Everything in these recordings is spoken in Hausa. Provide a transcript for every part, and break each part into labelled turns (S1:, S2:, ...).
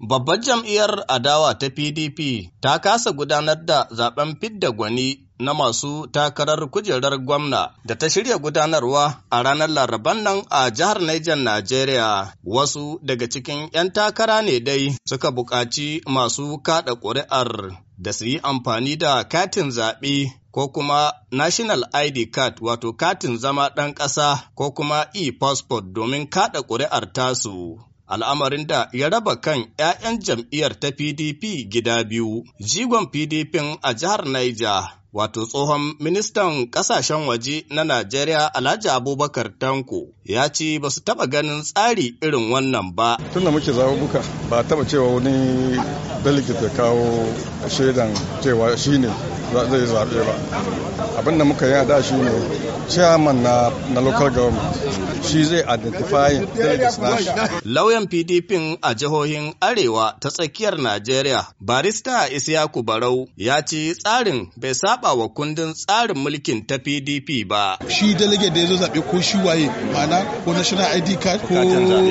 S1: Babbar jam'iyyar adawa ta PDP ta kasa gudanar da zaben fidda gwani na masu takarar kujerar gwamna da ta shirya gudanarwa a ranar laraban nan a jihar Niger Najeriya. Wasu daga cikin 'yan takara ne dai suka buƙaci masu kaɗa ƙuri'ar da su yi amfani da katin zaɓe ko kuma National ID Card wato katin zama ɗan ƙasa ko kuma e-passport domin kaɗa ƙuri'ar tasu. al'amarin da ya raba kan 'ya'yan jam'iyyar ta PDP gida biyu, jigon PDP a jihar Niger. Wato tsohon ministan ƙasashen waje na Najeriya Alhaji Abubakar Tanko ya ce ba su taɓa ganin tsari irin wannan ba. Tun da muke zaɓuɓɓuka ba taɓa cewa wani delegate kawo shaidan cewa shine zai zaɓe ba abin da muka yi a da shi ne chairman na, na local government shi zai identify delegates nashi lauyan pdp a jihohin arewa ta tsakiyar najeriya barista Isiaku barau ya ci tsarin bai saba wa kundin tsarin mulkin ta pdp ba
S2: shi delegate da ya zo zaɓe ko shi waye ma'ana ko national id card ko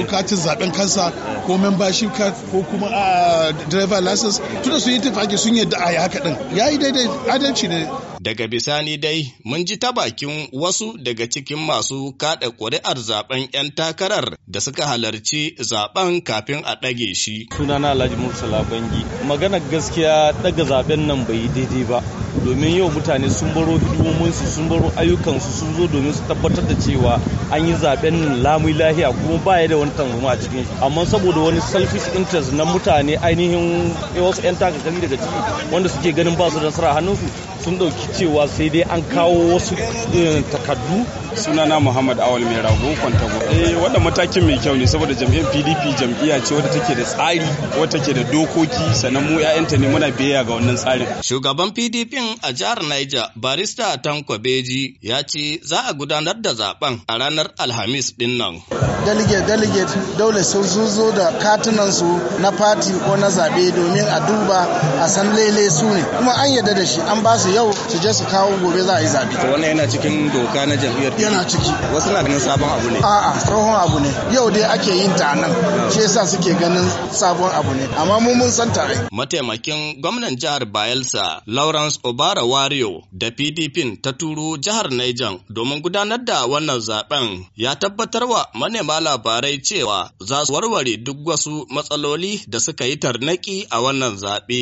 S2: katin zaɓen kansa ko membership card ko kuma ah, driver license tunda sun yi tafaki sun yi da'a yi haka ɗin. ya yi daidai I adalci
S1: it. Daga bisani dai mun ji ta bakin wasu daga cikin masu kada ƙuri'ar zaben 'yan takarar da suka halarci zaben kafin a ɗage shi. Sunana Alhaji Murtala Bangi. Maganar gaskiya daga zaben nan bai yi daidai ba. Domin yau mutane sun baro hidimominsu sun baro ayyukansu sun zo domin su tabbatar da cewa an yi zaben nan lamun lahiya kuma ba da wani tanzuma a cikin Amma saboda wani selfish interest na mutane ainihin wasu 'yan takarar daga ciki wanda suke ganin ba su da nasara hannunsu sun dauki cewa sai dai an kawo wasu eh, takardu sunana muhammad awal mai rago kwantago eh wanda matakin mai kyau ne saboda jam'iyyar pdp jam'iyya ce wadda take da tsari wadda take da dokoki sannan mu 'ya'yanta ne muna biyayya ga wannan tsarin shugaban pdp a jihar niger barista tanko beji ya ce za a gudanar da zaben a ranar alhamis din nan
S2: delegate delegate dole sun zuzo da katunan su na fati ko na zabe domin a duba a san lele su ne kuma an yadda da shi an ba su yau su je su kawo gobe za a yi zaɓe.
S1: to wannan yana cikin doka na jam'iyyar yana ciki wasu na ganin sabon abu ne
S2: a'a tsohon abu ne yau dai ake yin ta nan shi yasa suke ganin sabon abu ne amma mu mun san
S1: ta ai mataimakin gwamnan jihar Bayelsa Lawrence Obara Wario da PDP ta turo jihar Niger domin gudanar da wannan zaben ya tabbatar wa manema labarai cewa za su warware duk wasu matsaloli da suka yi tarnaki a wannan zaɓe.